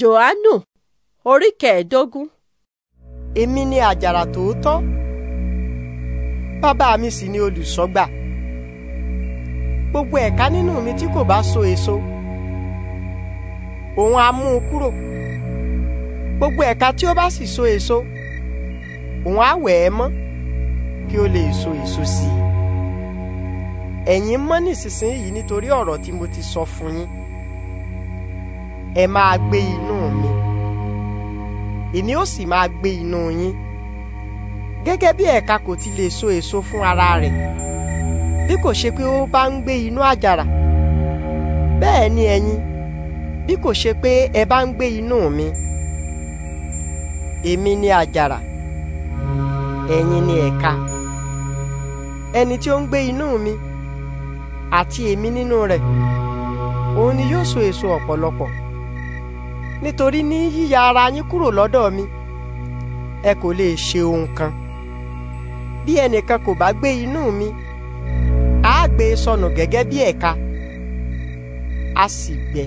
Jòhánù orí kẹẹ̀ẹ́dógún. Èmi ni àjàrà tòótọ́, bàbá mi sì ni olùṣọ́gbà. Gbogbo ẹ̀ka nínú mi tí kò bá so èso, òun á mú un kúrò. Gbogbo ẹ̀ka tí ó bá sì so èso, òun á wẹ̀ ẹ́ mọ́ kí ó lè so èso sí i. Ẹ̀yin mọ́ nísinsìnyí nítorí ọ̀rọ̀ tí mo ti sọ fún yín. ẹ máa gbé inú mi èmi o sì máa gbé inú yín gẹ́gẹ́ bí ẹ̀ka kò ti lè so èso fún ara rẹ̀ bí kò ṣe pé ó bá ń gbé inú àjàrà bẹ́ẹ̀ ni ẹ̀yin bí kò ṣe pé ẹ bá ń gbé inú mi èmi ni àjàrà ẹ̀yin ni ẹ̀ka ẹni tí ó ń gbé inú mi àti èmi nínú rẹ̀ òun ni yóò so èso ọ̀pọ̀lọpọ̀. nítorí ní yíya ara yín kúrò lọ́dọ̀ mi ẹ kò lè ṣe ohun kan bí ẹnìkan kò bá gbé inú mi á gbé e sọnù gẹ́gẹ́ bí ẹ̀ka a sì gbẹ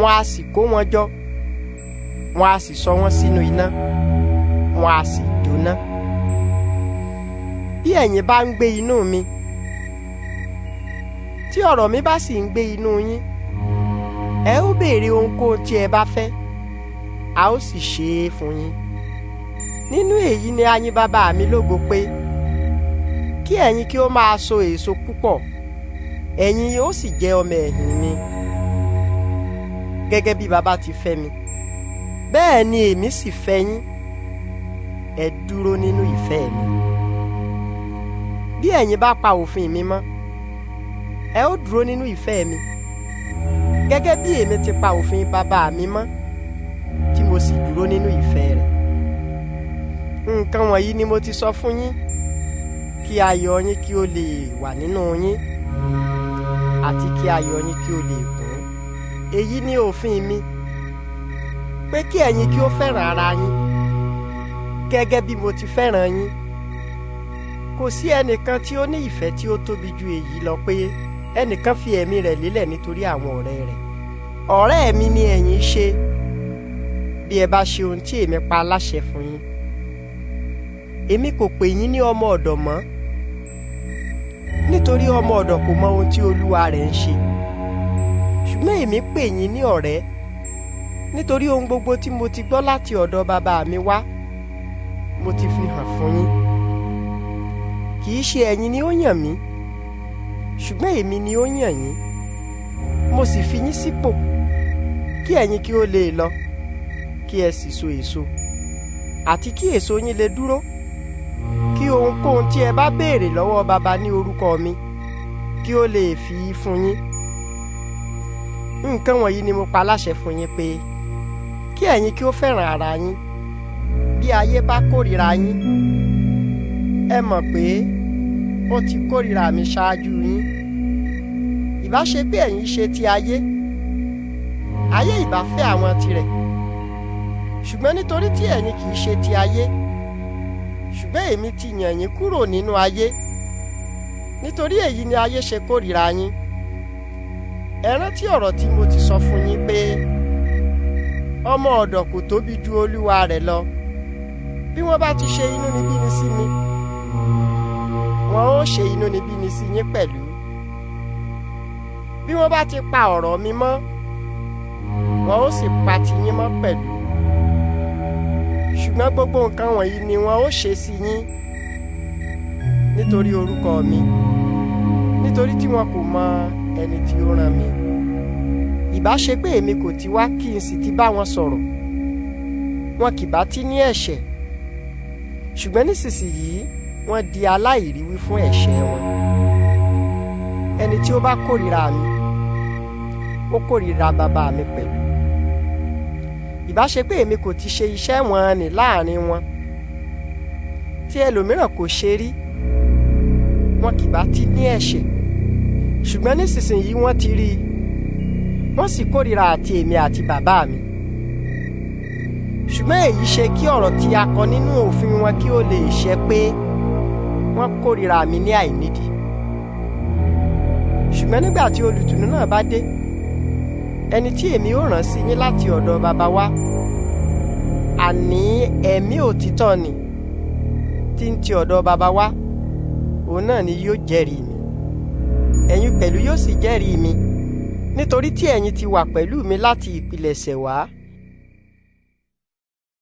wọn a sì kó wọn jọ wọn a sì sọ wọn sínú iná wọn a sì jóná bí ẹ̀yin bá ń gbé inú mi tí ọ̀rọ̀ mi bá sì ń gbé inú yín. ẹ ó béèrè ohunkóhun tí ẹ bá fẹ́ a ó sì ṣe é fún yín nínú èyí ni a yìn bàbá mi lógo pé kí ẹ̀yin kí ó máa so èso púpọ̀ ẹ̀yin yóò sì jẹ́ ọmọ ẹ̀yìn mi gẹ́gẹ́ bí bàbá ti fẹ́ mi bẹ́ẹ̀ ni èmi sì fẹ́ yín ẹ dúró nínú ìfẹ́ mi bí ẹ̀yin bá pa òfin mi mọ́ ẹ ó dúró nínú ìfẹ́ mi gẹ́gẹ́ bí èmi ti pa òfin bàbá mi mọ́ tí mo sì dúró nínú ìfẹ́ rẹ̀ nǹkan wọ̀nyí ni mo ti sọ fún yín kí ayọ̀ yín kí ó lè wà nínú yín àti kí ayọ̀ yín kí ó lè kún èyí ni òfin mi pé kí ẹ̀yin kí ó fẹ́ràn ara yín gẹ́gẹ́ bí mo ti fẹ́ràn yín kò sí ẹnìkan tí ó ní ìfẹ́ tí ó tóbi ju èyí lọ pé ẹnìkan fi ẹ̀mí rẹ̀ lélẹ̀ nítorí àwọn ọ̀rẹ́ rẹ̀ ọ̀rẹ́ mi ni ẹ̀yin ṣe bí ẹ bá ṣe ohun tí èmi pa aláṣẹ fún yín èmi kò pè yín ní ọmọ ọ̀dọ̀ mọ́ nítorí ọmọ ọ̀dọ̀ kò mọ ohun tí olúwa rẹ̀ ń ṣe ṣùgbọ́n èmi pè yín ní ọ̀rẹ́ nítorí ohun gbogbo tí mo ti gbọ́ láti ọ̀dọ̀ bàbá mi wá mo ti fi hàn fún yín kì í ṣe ẹ̀yin ni ó yàn mí ṣùgbọ́n èmi ni ó yàn yín mo sì fi yín sípò kí ẹ̀yin kí ó lè lọ kí ẹ sì so èso àti kí èso yín lè dúró kí ohunkóhun tí ẹ bá béèrè lọ́wọ́ baba ní orúkọ mi kí ó lè fi fún yín nǹkan wọ̀nyí ni mo pa láṣẹ fún yín pé kí ẹ̀yin kí ó fẹ́ràn ara yín bí ayé bá kórìíra yín ẹ mọ̀ pé ó ti kórìíra mi ṣáájú yín ìbá ṣe pé ẹ̀yin ṣe ti ayé ayé ìbá fẹ́ àwọn tirẹ̀ ṣùgbọ́n nítorí tí ẹ̀yin kì í ṣe ti ayé ṣùgbọ́n èmi ti yàn yín kúrò nínú ayé nítorí èyí ni ayé ṣe kórìíra yín ẹ rántí ọ̀rọ̀ tí mo ti sọ fún yín pé ọmọ ọ̀dọ̀ kò tóbi ju olúwa rẹ̀ lọ bí wọ́n bá ti ṣe inúnibíni sí mi wọ́n ó ṣe inúnibíni sí yín pẹ̀lú bí wọ́n bá ti pa ọ̀rọ̀ mi mọ́ wọn ó sì pa tiyín mọ́ pẹ̀lú ṣùgbọ́n gbogbo nǹkan wọ̀nyí ni wọn ó ṣe sí yín nítorí orúkọ mi nítorí tí wọn kò mọ ẹni tí ó rán mi ìbá ṣe pé èmi kò ti wá kí n sì ti bá wọn sọ̀rọ̀ wọn kì bá ti ní ẹ̀ṣẹ̀ ṣùgbọ́n nísinsìnyí wọ́n di aláìríwí fún ẹ̀ṣẹ̀ wọn ẹni tí ó bá kórìíra mi ó kórìíra bàbá mi pẹ̀lú. ìbáṣepé èmi kò ti ṣe iṣẹ́ wọn nì láàrin wọn tí ẹlòmíràn kò ṣe rí wọn kì bá ti ní ẹ̀ṣẹ̀ ṣùgbọ́n nísinsìnyí wọ́n ti rí i wọ́n sì kórìíra àti èmi àti bàbá mi ṣùgbọ́n èyí ṣe kí ọ̀rọ̀ tí a kọ nínú òfin wọn kí ó lè ṣẹ pé wọ́n kórìíra mi ní àìnídìí ṣùgbọ́n nígbà tí olùtùnú náà bá dé ẹni tí èmi ó rán sí yín láti ọ̀dọ̀ bàbá wa àní ẹ̀mí òtítọ́ ni tí ń ti ọ̀dọ̀ bàbá wa òun náà ni yóò jẹ́rìí mi ẹ̀yin pẹ̀lú yóò sì jẹ́rìí mi nítorí tí ẹ̀yin ti wà pẹ̀lú mi láti ìpilẹ̀ṣẹ̀ wá.